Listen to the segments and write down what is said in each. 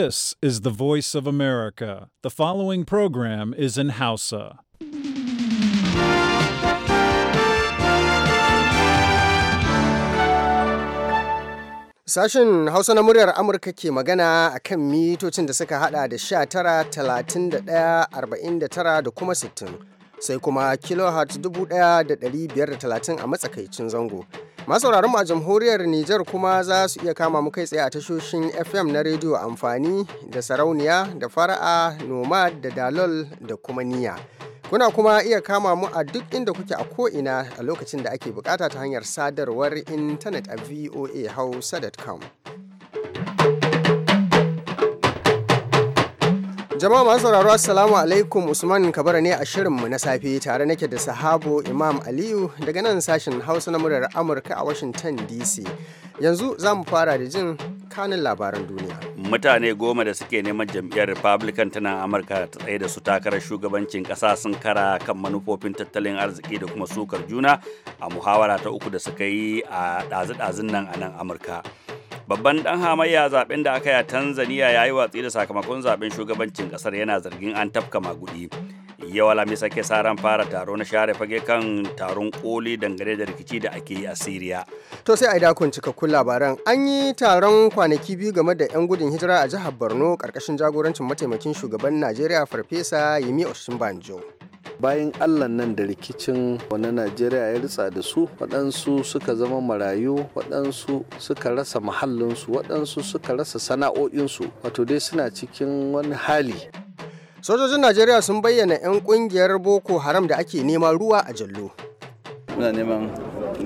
This is the voice of America. The following program is in Hausa. Sashen Hausa na muryar Amurka ke magana a kan mitocin da suka hada da 19, 31, 49 da kuma 60. sai kuma kilohertz talatin a matsakaicin zango. masauraran a jamhuriyar Nijar kuma za su iya kama mu kai tsaye a tashoshin FM na rediyo amfani da sarauniya da fara'a nomad da dalol da kuma niya. Kuna kuma iya kama mu a duk inda kuke a ko'ina a lokacin da ake bukata ta hanyar sadarwar intanet a voahausa.com. Jama'a masu sauraro Assalamu alaikum Usman Kabara ne a shirinmu na safe tare nake da sahabo Imam Aliyu daga nan sashen Hausa na muryar Amurka a Washington DC. Yanzu za mu fara da jin kanin labaran duniya. Mutane goma da suke neman jam'iyyar Republican tana Amurka ta tsaye da su takarar shugabancin ƙasa sun kara kan manufofin tattalin arziki da kuma sukar juna a muhawara ta uku da suka yi a ɗazu-ɗazun nan a nan Amurka. babban dan hamayya zaɓen da aka yi a tanzania ya yi watsi da sakamakon zaɓen shugabancin ƙasar yana zargin an tafka magudi yau alamisa ke sa ran fara taro na share fage kan taron koli dangane da rikici da ake yi a siriya to sai a yi dakon cikakkun labaran an yi taron kwanaki biyu game da 'yan gudun hijira a jihar borno karkashin jagorancin mataimakin shugaban najeriya farfesa yemi osinbanjo bayan allan nan da rikicin wani najeriya ya ritsa da su waɗansu suka zama marayu waɗansu suka rasa mahallinsu waɗansu suka rasa sana'o'insu wato dai suna cikin wani hali sojojin najeriya sun bayyana 'yan kungiyar boko haram da ake nema ruwa a jallo muna neman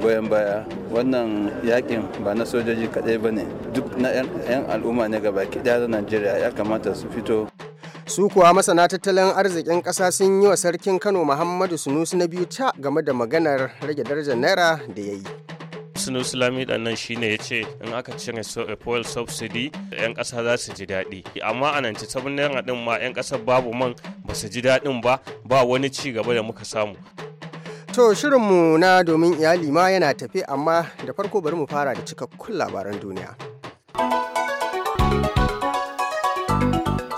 goyon baya wannan yakin ba na sojoji kaɗai ba ne duk na 'yan al'umma ne gaba daya da najeriya ya kamata su fito su kuwa masana tattalin arzikin ƙasa sun yi wa sarkin kano muhammadu sunusu na biyu ta game da maganar rage darajar naira da ya yi sunu sulami nan shine ya ce in aka cire eh, fuel subsidy yan kasa za su ji daɗi amma a nan sabon naira din ma yan kasa babu man ba su ji daɗin ba ba wani ci gaba da muka samu to shirin mu na domin iyali ma yana tafe amma da farko bari mu fara da cikakkun labaran duniya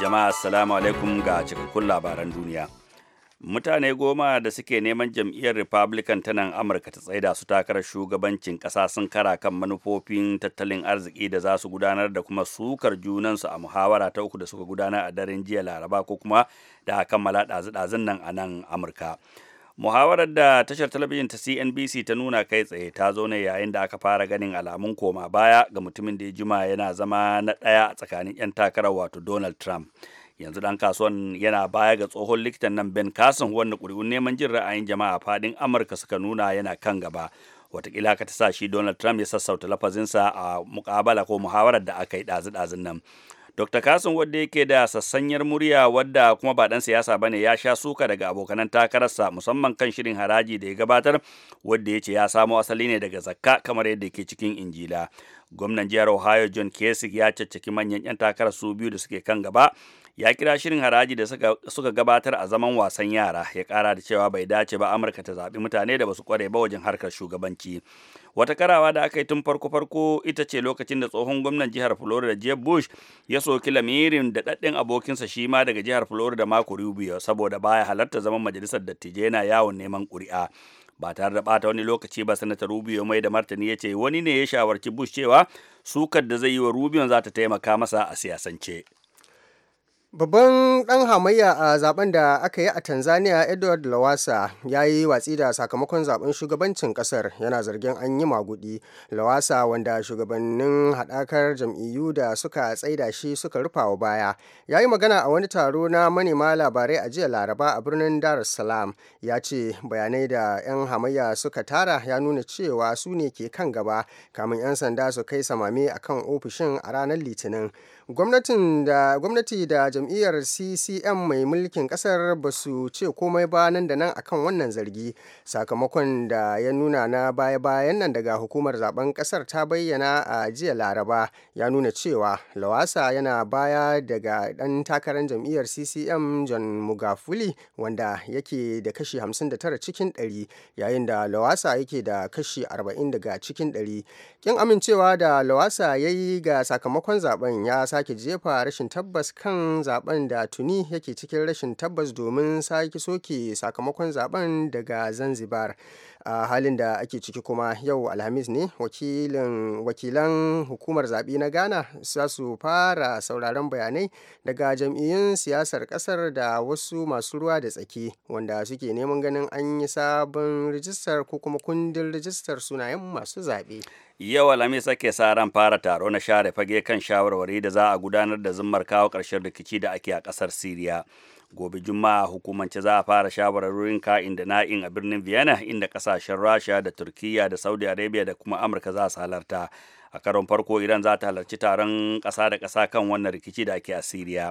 jama'a assalamu alaikum ga cikakkun labaran duniya mutane goma da suke neman jam'iyyar republican ta nan amurka ta tsaida su takarar shugabancin ƙasa sun kara kan manufofin tattalin arziki da za su gudanar da kuma sukar junansu a muhawara ta uku da suka gudanar a daren jiya laraba ko kuma da kammala ɗazu-ɗazun nan a nan amurka muhawarar da tashar talabijin ta cnbc ta nuna kai tsaye ta zo ne yayin da aka fara ganin alamun koma baya ga mutumin da ya jima yana zama na ɗaya a tsakanin 'yan takarar wato donald trump yanzu dan kasuwan yana baya ga tsohon likitan nan ben carson wanda ƙuri'un neman jin ra'ayin jama'a faɗin amurka suka nuna yana kan gaba watakila ka ta sa shi donald trump ya sassauta lafazinsa a mukabala ko muhawarar da aka yi ɗazu-ɗazun nan Dr. Kasim wadda yake da sassanyar murya wadda kuma ba dan siyasa ba ne ya sha suka daga abokanan takararsa musamman kan shirin haraji da ya gabatar wadda ya ce ya samo asali ne daga zakka kamar yadda ke cikin injila. Gwamnan jihar Ohio John Kasich ya caccaki manyan 'yan takarar su biyu da suke kan gaba ya kira shirin haraji da suka gabatar a zaman wasan yara ya kara da cewa bai dace ba amurka ta zaɓi mutane da basu kware ba wajen harkar shugabanci wata karawa da aka yi tun farko farko ita ce lokacin da tsohon gwamnan jihar florida jeb bush ya soki lamirin da ɗaɗɗen abokinsa shi ma daga jihar florida mako rubio saboda baya halarta zaman majalisar dattijai yana yawon neman ƙuri'a ba tare da bata wani lokaci ba sanata rubio mai da martani ya ce wani ne ya shawarci bush cewa sukar da zai yi wa rubio za ta taimaka masa a siyasance Babban ɗan hamayya a zaben da aka yi a Tanzania Edward lawasa ya yi watsi da sakamakon zaben shugabancin ƙasar, yana zargin an yi magudi. lawasa wanda shugabannin haɗakar jam'iyyu da suka tsaida shi suka rufa wa baya. Ya yi magana a wani taro na manema labarai a jiya Laraba a birnin Dar es Salaam ya ce bayanai da 'yan hamayya suka tara ya nuna cewa su ne ke kan gaba kamin 'yan sanda su kai samame akan ofishin a ranar Litinin. gwamnati da jam'iyyar ccm mai mulkin kasar ba su ce komai ba nan da nan akan wannan zargi sakamakon da ya nuna na baya-bayan nan daga hukumar zaben kasar ta bayyana a jiya laraba ya nuna cewa lawasa yana baya daga dan takarar jam'iyyar ccm john mugafuli wanda yake da kashi 59 cikin 100 yayin da lawasa yake da kashi 40 daga cikin 100 kin amincewa da lawasa ya yi ga sakamakon zaben ya sake jefa rashin tabbas kan zaben da tuni yake cikin rashin tabbas domin sake soke sakamakon zaben daga zanzibar a halin da ake ciki kuma yau alhamis ne wakilan hukumar zaɓe na ghana za su fara sauraron bayanai daga jam'iyyun siyasar ƙasar da wasu masu ruwa da tsaki wanda suke neman ganin an yi sabon rijistar ko kuma kundin rijistar sunayen masu zaɓe yau alhamis ke sa ran fara taro na share fage kan shawarwari da za a gudanar da zummar kawo ƙarshen rikici da ake a ƙasar siriya gobe juma'a hukumance za a fara shawarwarin ka'in da na'in a birnin vienna inda ƙasashen rasha da turkiya da saudi arabia da kuma amurka za su halarta a karon farko iran za ta halarci taron kasa da kasa kan wannan rikici da ake a siriya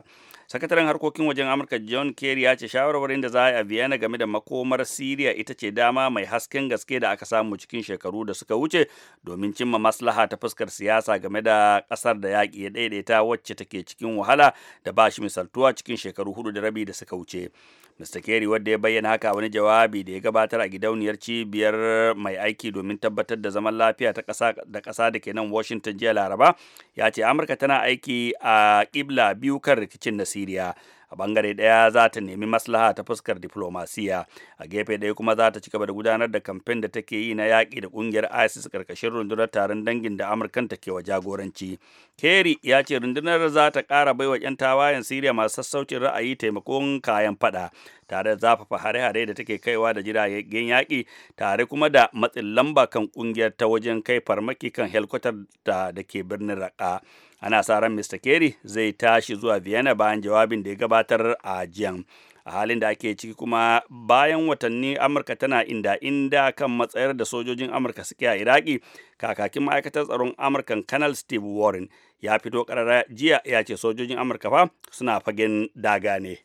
sakataren harkokin wajen amurka john kerry ya ce shawarwarin da za a yi a vienna game da makomar siriya ita ce dama mai hasken gaske da aka samu cikin shekaru da suka wuce domin cimma maslaha ta fuskar siyasa game da kasar da yaƙi ya daidaita wacce take cikin wahala da ba shi misaltuwa cikin shekaru hudu da rabi da suka wuce Mr. Kerry wadda ya bayyana haka wani jawabi da ya gabatar a gidauniyar cibiyar mai aiki domin tabbatar da zaman lafiya ta ƙasa da kasa da ke nan washington jiya laraba ya ce amurka tana aiki a ƙibla biyu kan rikicin na siriya a bangare ɗaya za ta nemi maslaha ta fuskar diplomasiya a gefe ɗaya kuma za ta ci gaba da gudanar da kamfen da take yi na yaƙi da ƙungiyar isis ƙarƙashin rundunar taron dangin da amurkan ke wa jagoranci kerry ya ce rundunar za ta ƙara baiwa 'yan tawayen siriya masu sassaucin ra'ayi taimakon kayan faɗa tare da zafafa hare-hare da take kaiwa da jiragen yaƙi tare kuma da matsin lamba kan ƙungiyar ta wajen kai farmaki kan helikwatar da ke birnin raƙa ana sa ran mr kerry zai tashi zuwa vienna bayan jawabin da ya gabatar a jiyan a halin da ake ciki kuma bayan watanni amurka tana inda inda kan matsayar da sojojin amurka suke a iraki kakakin ma'aikatar tsaron amurkan kanal steve warren ya fito karara jiya ya ce sojojin amurka fa suna fagen daga ne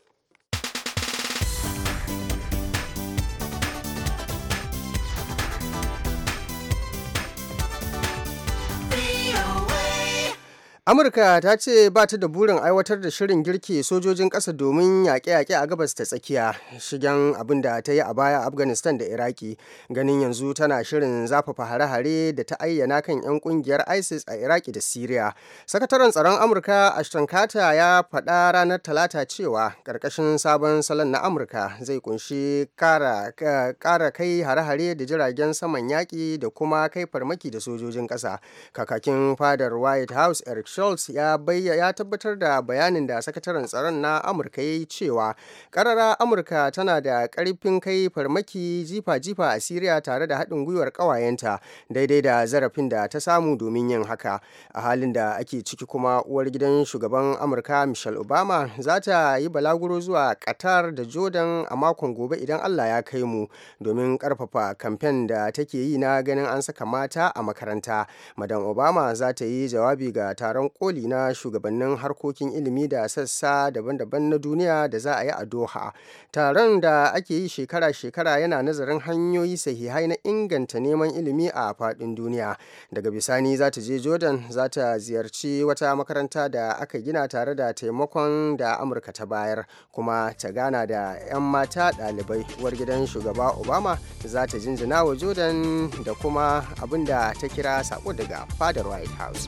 amurka ta ce ba ta da burin aiwatar da shirin girki sojojin ƙasa domin yaƙe-yaƙe a gabas ta tsakiya shigen abin da ta yi a baya afghanistan da iraki ganin yanzu tana shirin zafafa hare-hare da ta ayyana kan 'yan ƙungiyar isis a iraki da syria sakataren tsaron amurka ashton carter ya faɗa ranar talata cewa ƙarƙashin sabon salon na amurka zai kunshi ƙara kai hare-hare da jiragen saman yaƙi da kuma kai farmaki da sojojin ƙasa kakakin fadar white house eric Schultz ya ya tabbatar da bayanin da sakataren tsaron na Amurka ya cewa karara Amurka tana da karfin kai farmaki jifa-jifa a Siriya tare da haɗin gwiwar ƙawayenta daidai da zarafin da ta samu domin yin haka a halin da ake ciki kuma uwar gidan shugaban Amurka Michelle Obama za ta yi balaguro zuwa Qatar da Jordan a makon gobe idan Allah ya kai mu domin karfafa kamfen da take yi na ganin an saka mata a makaranta. Madam Obama za ta yi jawabi ga taron koli na shugabannin harkokin ilimi da sassa daban-daban na duniya da za a yi a doha taron da ake yi shekara-shekara yana nazarin hanyoyi sahihai na inganta neman ilimi a faɗin duniya daga bisani za ta je jordan za ta ziyarci wata makaranta da aka gina tare da taimakon da amurka ta bayar kuma ta gana da 'yan mata ɗalibai uwar gidan shugaba obama za ta jinjina wa jordan da kuma abin da ta kira sako daga fadar white house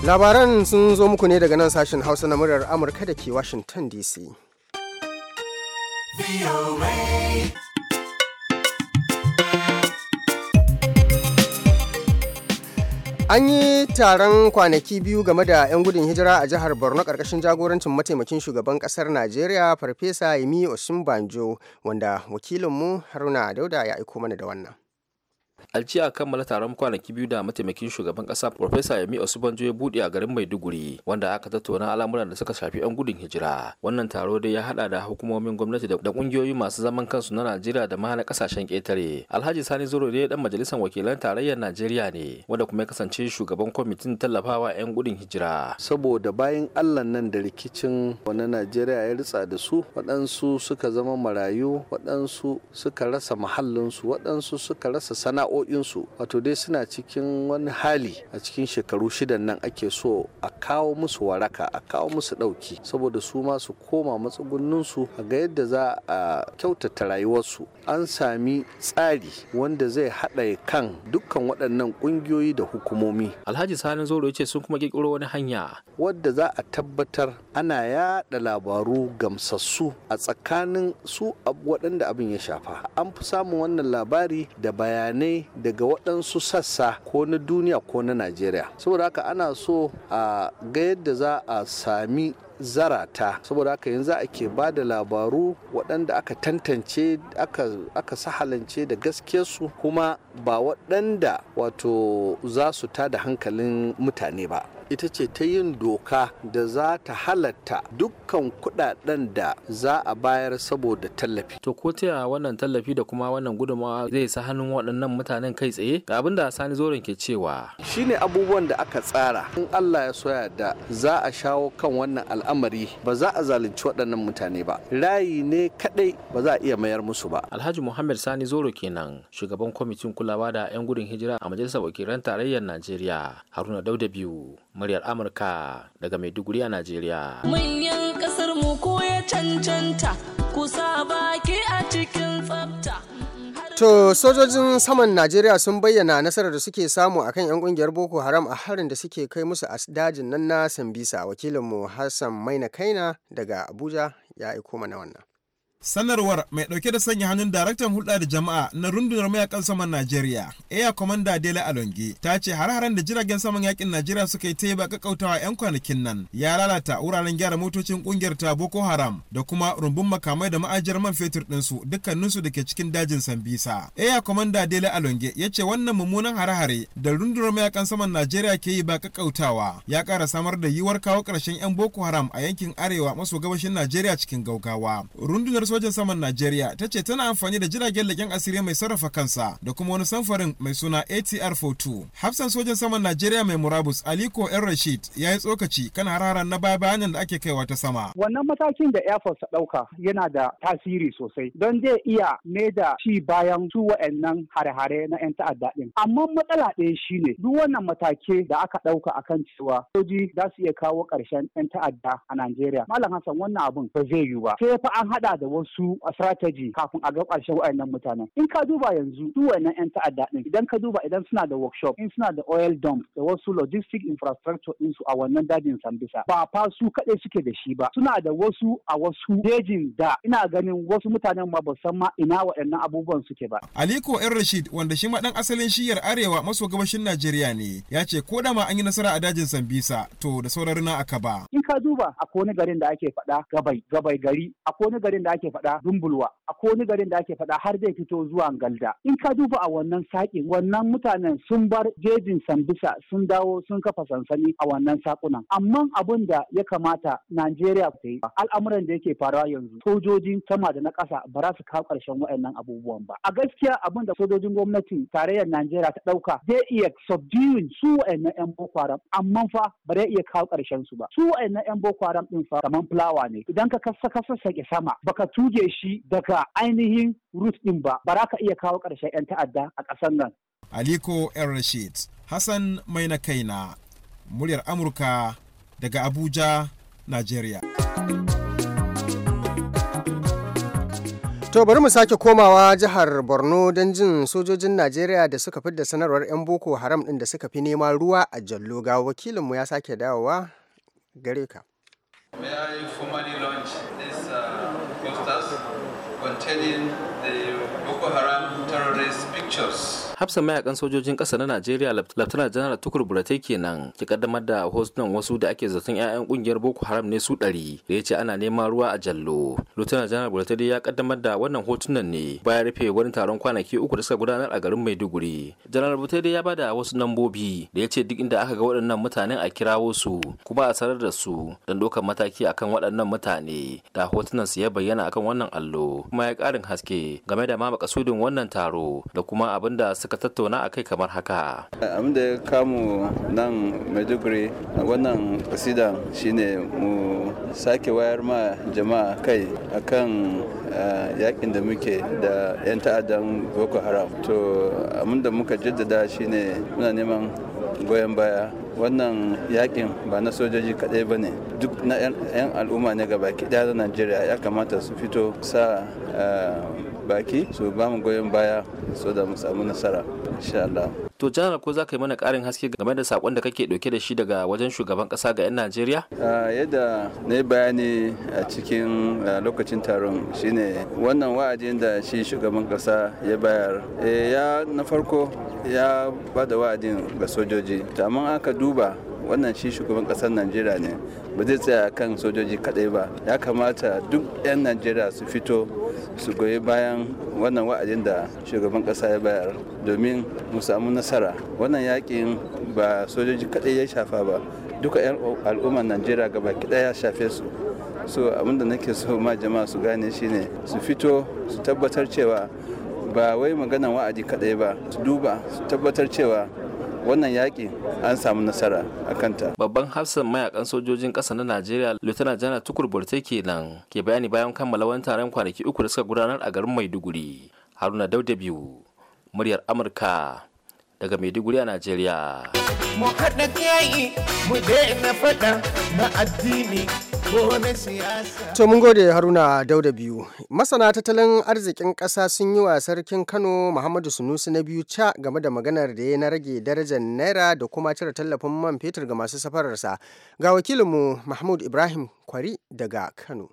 labaran sun zo muku ne daga nan sashen hausa na muryar amurka da ke washington dc An yi taron kwanaki biyu game da 'yan gudun hijira a jihar Borno ƙarƙashin jagorancin mataimakin shugaban ƙasar Najeriya Farfesa Yemi Osinbanjo wanda wakilinmu Haruna Dauda ya aiko mana da wannan. a kammala taron kwanaki biyu da mataimakin shugaban kasa profesa yami osubanjo ya buɗe a garin maiduguri wanda aka tattauna al'amuran da suka shafi yan gudun hijira wannan taro dai ya hada da hukumomin gwamnati da kungiyoyi masu zaman kansu na najeriya da ma kasashen ƙetare alhaji sani zoro ne dan majalisar wakilan tarayyar najeriya ne wanda kuma ya kasance shugaban kwamitin tallafawa yan gudun hijira saboda bayan allah nan da rikicin wani najeriya ya ritsa da su waɗansu suka zama marayu waɗansu suka rasa mahallinsu waɗansu suka rasa sana'o'i sana'o'insu wato dai suna cikin wani hali a cikin shekaru shidan nan ake so a kawo musu waraka a kawo musu ɗauki saboda su ma su koma matsugunninsu a ga yadda za a kyautata rayuwarsu an sami tsari wanda zai haɗa kan dukkan waɗannan ƙungiyoyi da hukumomi alhaji sanin zoro ya ce sun kuma ƙirƙiro wani hanya wadda za a tabbatar ana yaɗa labaru gamsassu a tsakanin su waɗanda abin ya shafa an fi samun wannan labari da bayanai daga waɗansu sassa ko na duniya ko na najeriya saboda haka ana so a ga yadda za a sami zarata saboda haka yanzu a ke ba da labaru waɗanda aka tantance aka, sahalance da su kuma ba waɗanda wato za su da hankalin mutane ba ita ce ta yin doka da za ta halatta dukkan kudaden da za a bayar saboda tallafi. To ko ta wannan tallafi da kuma wannan gudunmawa zai sa hannun waɗannan mutanen kai tsaye ga abin da Sani zoro ke cewa. shi ne abubuwan da aka tsara in Allah ya soya da za a shawo kan wannan al'amari ba za a zalunci waɗannan mutane ba. Rayi ne kaɗai ba za a iya mayar musu ba. Alhaji Muhammad Sani Zoro kenan shugaban kwamitin kulawa da 'yan gudun hijira a majalisar wakilan tarayyar Najeriya Haruna Dauda biyu. muryar Amurka daga Maiduguri a Najeriya. Manyan kasar mu ko ya cancanta kusa baki a cikin tsafta. To sojojin saman Najeriya sun bayyana nasarar da suke samu akan 'yan kungiyar Boko Haram a harin da suke kai musu a dajin nan na Sambisa wakilinmu Hassan Maina Kaina daga Abuja ya aiko mana wannan. sanarwar mai dauke da sanya hannun daraktan hulɗa da jama'a na rundunar mayakan saman najeriya air commander dela alonge ta ce har-haren da jiragen saman yakin najeriya suka yi ta yi taiba kakkautawa yan kwanakin nan ya lalata wuraren gyara motocin kungiyar ta boko haram da kuma rumbun makamai da ma'ajiyar man fetur ɗinsu dukkaninsu da ke cikin dajin sambisa air commander dela alonge ya ce wannan mummunan hare-hare da rundunar mayakan saman najeriya ke yi ba kakkautawa ya ƙara samar da yiwuwar kawo ƙarshen yan boko haram a yankin arewa maso gabashin najeriya cikin gaugawa rundunar sojan saman Najeriya ta ce tana amfani da jiragen leƙen asiri mai sarrafa kansa da kuma wani samfarin mai suna ATR-42. Hafsan sojan saman Najeriya mai murabus Aliko El Rashid ya yi tsokaci kan hararan na baya bayanan da ake kaiwa ta sama. Wannan matakin da Air Force ɗauka yana da tasiri sosai don zai iya ne da ci bayan su wa'annan hare-hare na 'yan ta'adda ɗin. Amma matsala ɗaya shi ne duk wannan matake da aka ɗauka a kan cewa soji za su iya kawo ƙarshen 'yan ta'adda a Najeriya. Malam Hassan wannan abin ba zai yiwu ba. Sai fa an haɗa da wani. wasu strategy kafin a ga ƙarshen wayannan mutanen in ka duba yanzu duk wayannan yan ta'adda din idan ka duba idan suna da workshop in suna da oil dump da wasu logistic infrastructure din su a wannan dajin sambisa ba fa su kaɗai suke da shi ba suna da wasu a wasu dajin da ina ganin wasu mutanen ma ba san ma ina waɗannan abubuwan suke ba aliko yan rashid wanda shi ma dan asalin shiyar arewa maso gabashin najeriya ne ya ce ko da ma an yi nasara a dajin sambisa to da sauran na aka ba in ka duba a wani garin da ake faɗa gabai gabai gari a wani garin da ake faɗa rumbulwa a wani garin da ake faɗa har zai fito zuwa galda in ka duba a wannan sakin wannan mutanen sun bar jejin sambisa sun dawo sun kafa sansani a wannan sakunan amma abin da ya kamata Najeriya ta yi al'amuran da yake faruwa yanzu sojojin sama da na ƙasa ba za su kawo ƙarshen waɗannan abubuwan ba a gaskiya abin da sojojin gwamnati tarayyar Najeriya ta ɗauka zai iya subduing su waɗannan 'yan Boko Haram amma fa ba zai iya kawo ƙarshen su ba su waɗannan 'yan Boko Haram ɗin fa kamar fulawa ne idan ka kasa kasa sama baka tuge shi daga ainihin root ɗin ba ba za ka iya kawo ƙarshen 'yan ta'adda a ƙasar nan. Aliko El Rashid Hassan mai na kaina muryar Amurka daga Abuja, Najeriya. To bari mu sake komawa jihar Borno don jin sojojin Najeriya da suka fidda sanarwar 'yan Boko Haram ɗin da suka fi neman ruwa a Jallo ga wakilinmu ya sake dawowa gare ka. May I formally launch this Attending the Boko Haram terrorists pictures Hafsa mayakan sojojin ƙasa na najeriya laftana janar tukur burate kenan ki kaddamar da hotunan wasu da ake zaton 'ya'yan ƙungiyar boko haram ne su ɗari da ya ce ana neman ruwa a jallo laftana janar burate ya kaddamar da wannan hotunan ne bayan rufe wani taron kwanaki uku da suka gudanar a garin maiduguri janar burate ya bada wasu lambobi da ya ce duk inda aka ga waɗannan mutanen a kirawo su kuma a sanar da su don ɗaukar mataki akan waɗannan mutane da hotunan su ya bayyana akan wannan allo kuma ya ƙarin haske game da ma makasudin wannan taro da kuma kuma abin da suka tattauna a kai kamar haka abin da ya kamu nan maiduguri wannan kasida shine mu sake wayar ma jama'a kai akan eh, yakin da muke da 'yan ta'addan boko haram to abin da muka jaddada shine muna neman goyon baya wannan yakin ba na sojoji kadai ba ne duk na 'yan al'umma ne gaba daya na najeriya ya kamata su fito sa eh, baki su ba mu goyon baya so da mu samu nasara insha Allah to jihar ko za ka yi mana karin haske game da sakon da kake dauke da shi daga wajen shugaban kasa ga 'yan najeriya yadda na yi bayani a cikin lokacin taron shine wannan wa'adin da shi shugaban kasa ya bayar eh, ya na farko ya bada wa'adin ga sojoji amma aka duba wannan shi shugaban kasar najeriya ne ba zai tsaya kan sojoji kadai ba ya kamata duk 'yan najeriya su fito su goyi bayan wannan wa'adin da shugaban kasa ya bayar domin mu samu nasara wannan yakin ba sojoji kadai ya shafa ba duka 'yan al'ummar najeriya gaba ɗaya ya shafe su so abinda nake so ma jama'a su gane shine su fito su tabbatar cewa ba wai maganan wa'adi kadai ba su duba su tabbatar cewa wannan yaƙi an samu nasara a kanta babban hafsan mayakan sojojin ƙasa na najeriya lieutenant janar tukur borte kenan ke bayani bayan kammala wani taron kwanaki uku da suka gudanar a garin maiduguri haruna dauda biyu muryar amurka daga maiduguri a najeriya mu haɗa yayi mu daina na addini To mun gode Haruna Dauda biyu. Masana tattalin arzikin ƙasa sun yi wa sarkin Kano Muhammadu Sunusi na biyu ca game da maganar da ya na rage darajar naira da kuma cire tallafin man fetur ga masu safararsa. Ga wakilinmu Mahmud Ibrahim Kwari daga Kano.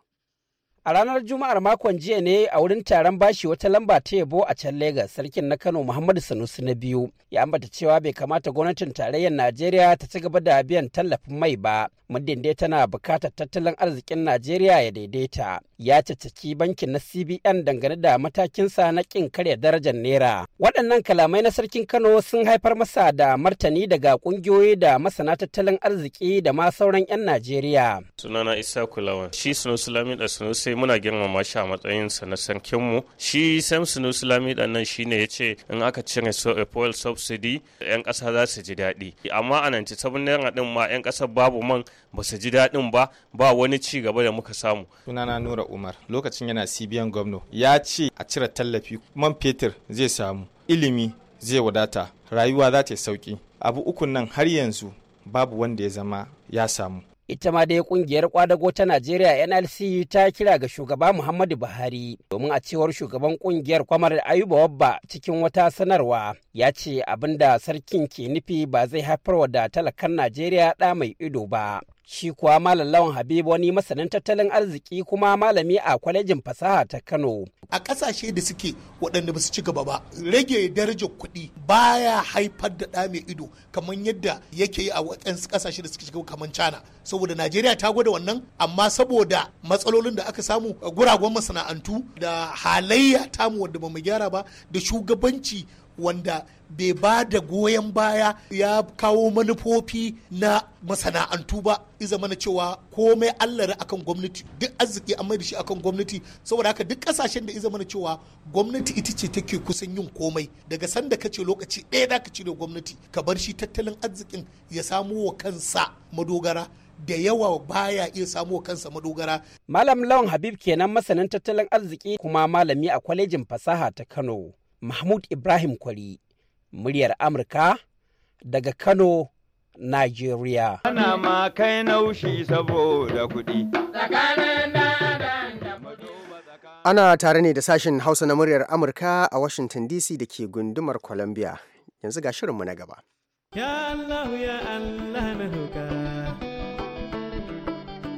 A ranar Juma'ar makon jiya ne a wurin taron bashi wata lamba ta yabo a can Legas sarkin na Kano Muhammadu Sanusi na biyu ya ambata cewa bai kamata gwamnatin tarayyar Najeriya ta ci gaba da biyan tallafin mai ba muddin dai tana bukatar tattalin arzikin Najeriya ya daidaita. Ya cacaki bankin na CBN dangane da matakinsa na kin karya darajar naira. Waɗannan kalamai na sarkin Kano sun haifar masa da martani daga ƙungiyoyi da masana tattalin arziki da ma sauran 'yan Najeriya. Sunana Isa Kulawan, shi Sanusi Lamin da Sanusi muna girmama shi a matsayinsa na sarkinmu shi samson islami dan nan shine ya ce in aka cire eh, fuel subsidy yan ƙasa za su ji daɗi amma a 97 naira din ma yan ƙasar babu man ba su ji daɗin ba ba wani ci gaba da muka samu sunana nura umar lokacin yana cbn gwamna ya ce a cire tallafi man fetur zai samu ilimi zai wadata rayuwa za ta sauki abu ukun nan har yanzu babu wanda ya zama ya samu ita ma dai kungiyar kwadago ta najeriya nlc ta kira ga shugaba muhammadu buhari domin a cewar shugaban kungiyar kwamar ayuba wabba cikin wata sanarwa ya ce abinda sarkin ke nufi ba zai haifar da talakan najeriya da mai ido ba Shi kuwa Malam Lawan Habibu wani masanin tattalin arziki kuma malami a kwalejin fasaha ta Kano. A kasashe da suke waɗanda ba su ci gaba ba, rage darajar kuɗi baya haifar da ɗa mai ido kamar yadda yake yi a waɗansu kasashe da suke ci gaba kamar China. Saboda Najeriya ta gwada wannan, amma saboda matsalolin da aka samu guragon masana'antu da halayya tamu wadda ba mu gyara ba da shugabanci wanda bai ba da goyon baya ya kawo manufofi na masana'antu ba iza mana cewa komai allare akan gwamnati duk arziki an mai da shi akan gwamnati saboda haka duk kasashen da iza mana cewa gwamnati ita ce take kusan yin komai daga sanda ka ce lokaci ɗaya da ka cire gwamnati ka bar shi tattalin arzikin ya samu wa kansa madogara da yawa baya iya wa kansa madogara. Malam Lawan Habib kenan masanin tattalin arziki kuma malami a kwalejin fasaha ta Kano. Mahmud Ibrahim Kwari, muryar Amurka daga Kano, Najeriya. Ana ma kai naushi saboda kuɗi. Ana tare ne da sashen Hausa na muryar Amurka a Washington DC da ke gundumar Columbia. Yanzu ga shirinmu na gaba. Ya Allah ya Allah na roƙa.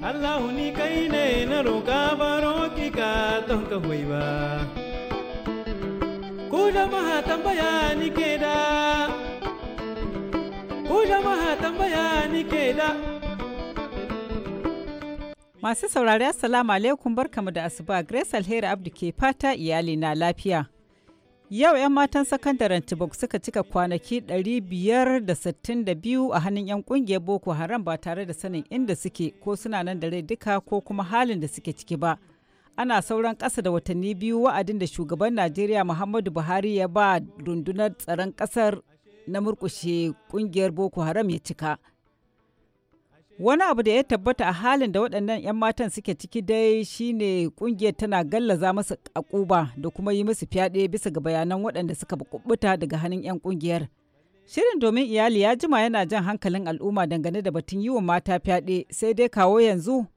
Allah ni kai ne na roƙa baro ki don ka ba. ku maha tambaya ni keda da maha tambaya ni keda masu saurari assalamu alaikum barkamu da asuba grace alheri abdu ke fata iyali na lafiya Yau 'yan matan sakandaren Tibok suka cika kwanaki 562 a hannun 'yan kungiyar Boko Haram ba tare da sanin inda suke ko suna nan da rai duka ko kuma halin da suke ciki ba. ana sauran ƙasa da watanni biyu wa'adin da shugaban najeriya muhammadu buhari ya ba rundunar tsaron ƙasar na murkushe ƙungiyar boko haram ya cika wani abu da ya tabbata a halin da waɗannan 'yan matan suke ciki dai shine ƙungiyar tana gallaza masu akuba da kuma yi musu fyaɗe bisa ga bayanan waɗanda suka kubuta daga hannun 'yan ƙungiyar shirin domin iyali ya jima yana jan hankalin al'umma dangane da batun yi mata fyaɗe sai dai kawo yanzu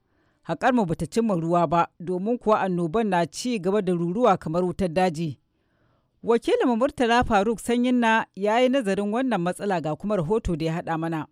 haƙar mu bata cimma ruwa ba domin kuwa annoban na ci gaba da ruruwa kamar wutar daji. Wakilin Murtala Faruk Sanyinna ya yi nazarin wannan matsala ga kuma rahoto da ya haɗa mana.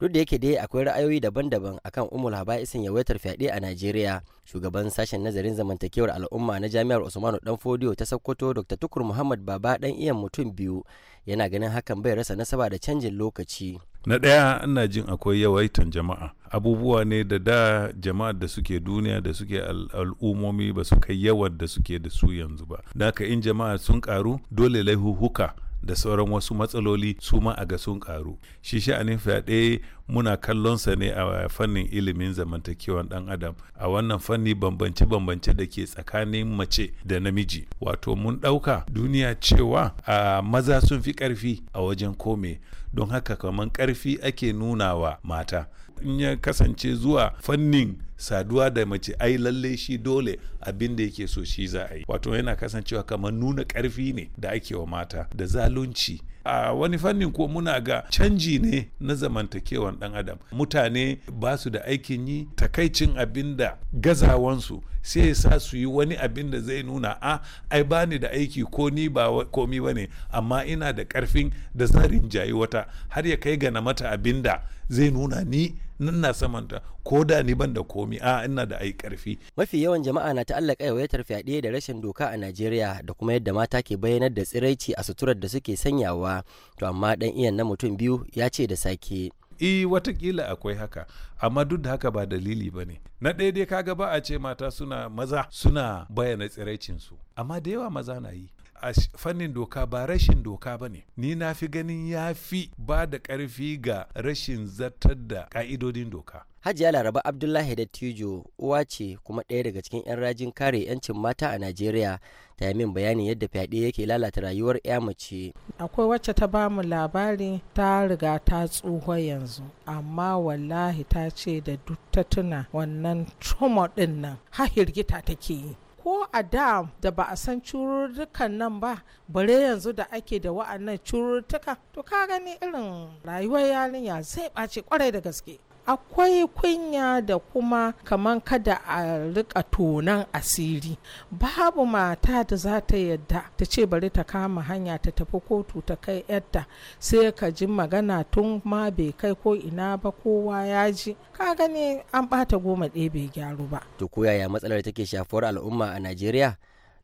duk da yake dai akwai ra'ayoyi daban-daban akan umul haba'isin yawaitar fyaɗe a najeriya shugaban sashen nazarin zamantakewar al'umma na jami'ar usmanu dan fodiyo ta sokoto dr tukur muhammad baba dan iyan mutum biyu yana ganin hakan bai rasa nasaba da canjin lokaci na ɗaya ina jin akwai yawaitan jama'a abubuwa ne da da jama'ar da suke duniya da suke al'ummomi ba su kai yawan da suke da su yanzu ba da in jama'a sun karu dole laihuhuka da sauran wasu matsaloli su ma a ga sun karu shi sha'anin fyaɗe muna kallon sa ne a fannin ilimin zamantakewan dan adam a wannan fanni bambance-bambance da ke tsakanin mace da namiji wato mun ɗauka duniya cewa a maza sun fi ƙarfi a wajen kome don haka kamar ƙarfi ake nunawa mata in ya kasance zuwa fannin saduwa da mace ai lalle shi dole abin da yake so shi za a yi wato yana kasancewa kamar nuna karfi ne da ake wa mata da zalunci a wani fannin ko muna ga canji ne na zamantakewan dan adam mutane ba su da aikin yi takaicin abin da gazawansu sai ya sa su yi wani abin da zai nuna a ai ba ni da aiki ko ni ba komi ba ne amma ina da karfin da zarin jayi wata har ya kai ga na mata abin da zai nuna ni nan na samanta ko da ni ban da komi a ina da ai karfi mafi yawan jama'a na ta'allaka yawaitar fyaɗe da rashin doka a Najeriya da kuma yadda mata ke bayyanar da tsiraici a suturar da suke sanyawa to amma dan iyan na mutum biyu ya ce da sake i e, watakila akwai haka amma duk da haka ba dalili ba ne na ɗaya dai kaga ba a ce mata suna maza suna bayyana tsiraicinsu amma da yawa maza na yi a fannin doka ba rashin doka ba ne ni na fi ganin ya fi ba da ƙarfi ga rashin zartar da ƙa'idodin doka hajiya laraba abdullahi da tijo uwa ce kuma ɗaya daga cikin 'yan rajin kare 'yancin mata a najeriya ta yi min bayanin yadda fyaɗe yake lalata rayuwar 'ya mace akwai wacce ta ba mu labari ta riga ta tsuho yanzu amma wallahi ta ce da duk ta tuna wannan trauma ɗin nan ha hirgita take yi ko a da da ba a san cururrukan nan ba bare yanzu da ake da wa'annan cururtuka to ka gani irin rayuwar yarinya zai ɓace kwarai da gaske akwai kunya da kuma kamar kada a rika tonan asiri babu mata da za ta yadda ta ce bari ta kama hanya ta tafi kotu ta kai yadda sai ka ji magana tun ma bai kai ko ina ba kowa ya ji ka gani an bata goma ɗaya bai gyaru ba to ko yaya matsalar take shafuwar al'umma a najeriya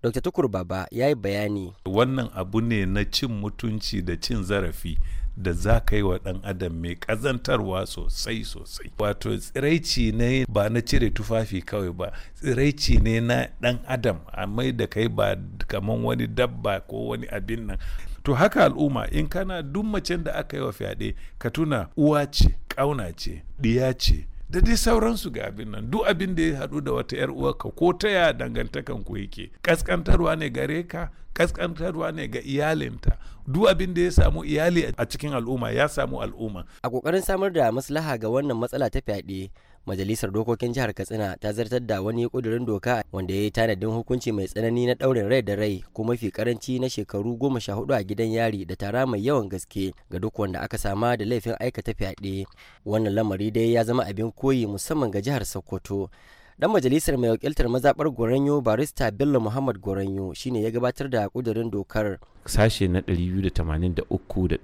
dr tukur baba ya yi bayani wannan abu ne na cin mutunci da cin zarafi da za ka yi wa ɗan adam mai ƙazantarwa sosai sosai wato tsiraici ne ba na cire tufafi kawai ba tsiraici ne na ɗan adam a mai da kai ba kamar wani dabba ko wani abin nan to haka al'umma in kana duk macen da aka yi wa fyaɗe ka tuna uwa ce ƙauna ce ɗiya ce da dai sauransu ga abin nan duk abin da ya haɗu da wata 'yar uwarka ko ta ya dangantakan ku yake kaskantarwa ne gare ka kaskantarwa ne ga iyalinta duk abin da ya samu iyali a cikin al'umma ya samu al'umma a kokarin samar da maslaha ga wannan matsala ta fyaɗe majalisar dokokin jihar katsina ta zartar da wani kudurin doka wanda ya yi tanadin hukunci mai tsanani na daurin rai da rai ko mafi karanci na shekaru goma sha hudu a gidan yari da tara mai yawan gaske ga duk wanda aka sama da laifin aikata fyaɗe wannan lamari dai ya zama abin koyi musamman ga jihar sokoto Dan majalisar mai wakiltar mazabar Goranyo barista Bello Muhammad Goranyo shine ya gabatar da kudurin dokar. Sashe na 283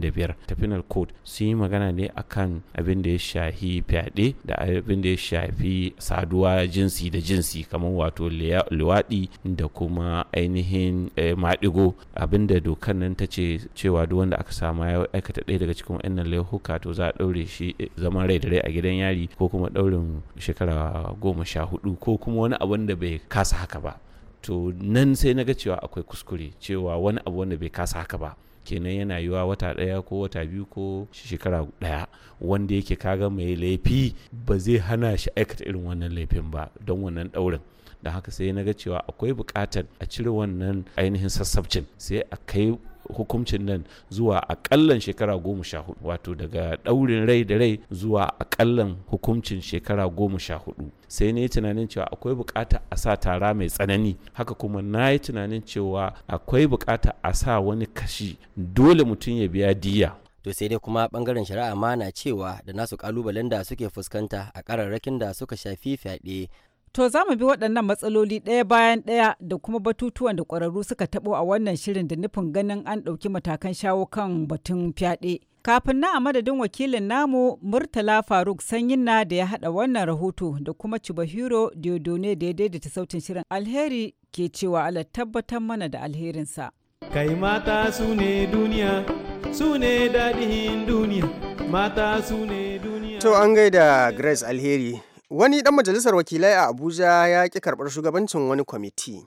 da ta Penal Code sun yi magana ne akan abin da ya shafi fyaɗe da abin da ya shafi saduwa jinsi da jinsi kamar wato luwaɗi da kuma ainihin eh, maɗigo abin da dokar nan ta ce cewa duk wanda aka samu ya aikata ɗaya daga cikin wannan laifuka to za a ɗaure shi eh, zaman rai da rai a gidan yari ko kuma daurin shekara goma sha hudu ko kuma wani abu da bai kasa haka ba to nan sai na ga cewa akwai kuskure cewa wani abu wanda bai kasa haka ba kenan yana yiwa wata ɗaya ko wata biyu ko shekara ɗaya wanda yake kaga mai laifi ba zai hana shi aikata irin wannan laifin ba don wannan ɗaurin da haka sai na ga cewa akwai buƙatar a cire wannan ainihin sassabcin sai a kai hukuncin nan zuwa akallan shekara goma sha hudu wato daga ɗaurin rai da rai zuwa akallan hukuncin shekara goma sha hudu sai na yi tunanin cewa akwai bukata a sa tara mai tsanani haka kuma na yi tunanin cewa akwai bukata a sa wani kashi dole mutum ya biya diya to sai dai kuma bangaren shari'a ma na cewa da nasu kalubalen da suke fuskanta a kararrakin da suka shafi fyaɗe To za mu bi waɗannan matsaloli ɗaya bayan ɗaya da kuma batutuwan da ƙwararru suka taɓo a wannan shirin da nufin ganin an ɗauki matakan shawo kan batun fyaɗe. Kafin na a madadin wakilin namu Murtala Faruk na da ya haɗa wannan rahoto da kuma cibahiro Diodone da ya daidaita sautin shirin alheri ke cewa Allah tabbatar mana da alherinsa. Kai mata su ne duniya, su ne daɗin duniya, mata su ne duniya. To an gaida Grace Alheri wani dan majalisar wakilai a abuja ya ki karɓar shugabancin wani kwamiti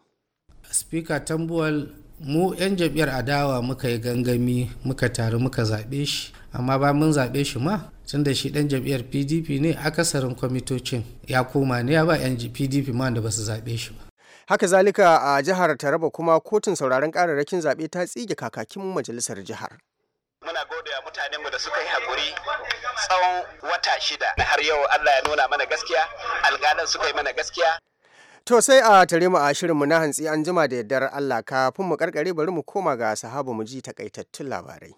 spika tambuwal mu 'yan jam'iyyar adawa muka yi gangami muka taru muka zaɓe shi amma ba mun zaɓe shi ma tun da shi ɗan jam'iyyar pdp ne akasarin kwamitocin ya koma ne ya ba 'yan pdp ma da ba su zaɓe shi ba haka zalika a jihar taraba kuma kotun sauraron kararrakin zaɓe ta tsige kakakin majalisar jihar Muna gode wa mutanenmu da suka yi haƙuri tsawon wata shida har yau Allah ya nuna mana gaskiya, alƙalan suka yi mana gaskiya. To sai a tare mu a shirinmu na hantsi an jima da yardar Allah kafin mu karkare bari mu koma ga sahaba mu ji takaitattun labarai.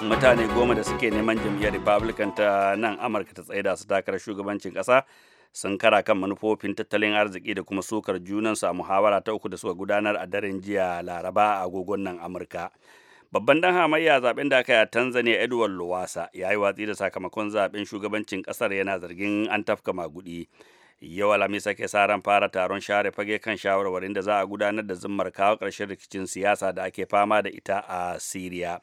Mutane goma da suke neman jam'iyyar Republican ta nan Amurka ta tsaida su takarar shugabancin ƙasa sun kara kan manufofin tattalin arziki da kuma sukar junansu a muhawara ta uku da suka gudanar a daren jiya laraba a agogon nan amurka babban dan hamayya zaben da aka yi a tanzania edward lowasa ya yi watsi da sakamakon zaben shugabancin kasar yana zargin an tafka magudi yau Alhamis sake sa ran fara taron share fage kan shawarwarin da za a gudanar da zimmar kawo ƙarshen rikicin siyasa da ake fama da ita a Siriya.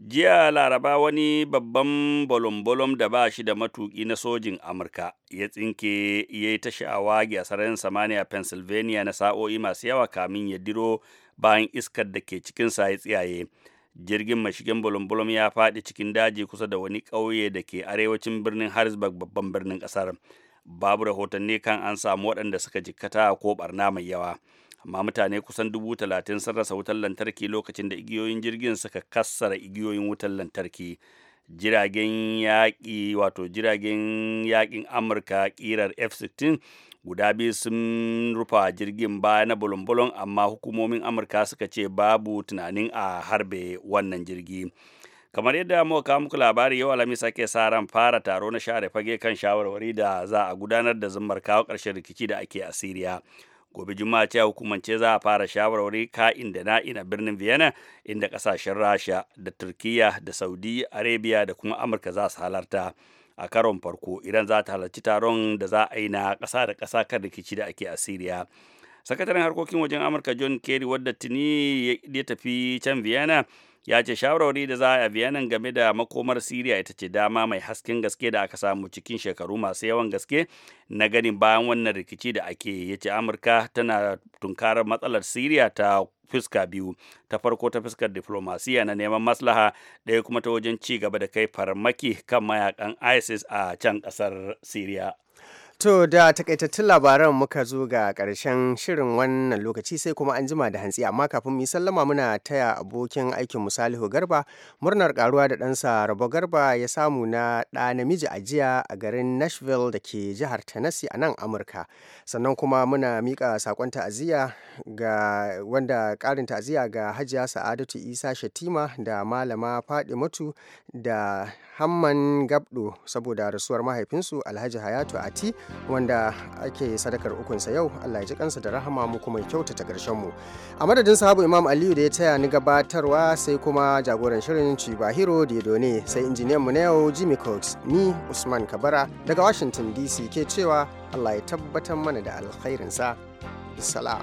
jiya laraba wani babban bolombolom da ba shi da matuki na sojin amurka ya tsinke ya yi ta sha'awa a sararin samaniya pennsylvania na sa'o'i masu yawa kamin ya diro bayan iskar da ke cikinsa ya tsiyaye jirgin mashigin bolombolom ya faɗi cikin daji kusa da wani ƙauye da ke arewacin birnin harrisburg babban birnin ƙasar babu rahotanni kan an samu waɗanda suka jikkata ko ɓarna mai yawa amma mutane kusan dubu talatin sun rasa wutar lantarki lokacin da igiyoyin jirgin suka kassara igiyoyin wutar lantarki jiragen yaƙi wato jiragen yaƙin amurka ƙirar f-16 guda biyu sun rufa jirgin baya na bulon-bulon amma hukumomin amurka suka ce babu tunanin a harbe wannan jirgi kamar yadda muka kawo muku labari yau alhamis ake sa ran fara taro na share fage kan shawarwari da za a gudanar da zumar kawo karshen rikici da ake a siriya gobe juma'a ce hukumance za a fara shawarwari ka'in da na'ina birnin vienna inda kasashen rasha da turkiya da saudi arabia da kuma amurka za su halarta a karon farko idan za ta halarci taron da za a yi na ƙasa da ƙasa kan rikici da ake a syria sakataren harkokin wajen amurka john kerry wadda tuni ya tafi can vienna ya ce shawarwari da za a biya nan game da makomar siriya ita ce dama mai hasken gaske da aka samu cikin shekaru masu yawan gaske na ganin bayan wannan rikici da ake ya ce amurka tana tunkarar matsalar siriya ta fuska biyu ta farko ta fuskar diflomasiya na neman maslaha ɗaya kuma ta wajen ci gaba da kai farmaki kan mayakan isis a can ƙasar siriya To da takaitattun labaran muka zo ga ƙarshen shirin wannan lokaci sai kuma an jima da hantsi amma kafin mu sallama muna taya abokin aikin mu Salihu Garba murnar karuwa da ɗansa Rabo Garba ya samu na ɗa namiji a jiya a garin Nashville da ke jihar Tennessee a nan Amurka. Sannan kuma muna mika sakon ta'aziyya ga wanda ƙarin ta'aziyya ga Hajiya Sa'adatu Isa Shatima da Malama mutu da Hamman Gabdo saboda rasuwar mahaifinsu Alhaji Hayatu Ati wanda ake sadakar ukunsa yau Allah ya ji kansa da rahama mu kuma kyautata karshen mu a madadin sahabu imam aliyu da ya taya ni gabatarwa sai kuma jagoran shirin ci ya diodone sai injiniyan mu na yau jimmy cox ni usman kabara daga washington dc ke cewa Allah ya tabbatar mana da alkhairinsa salam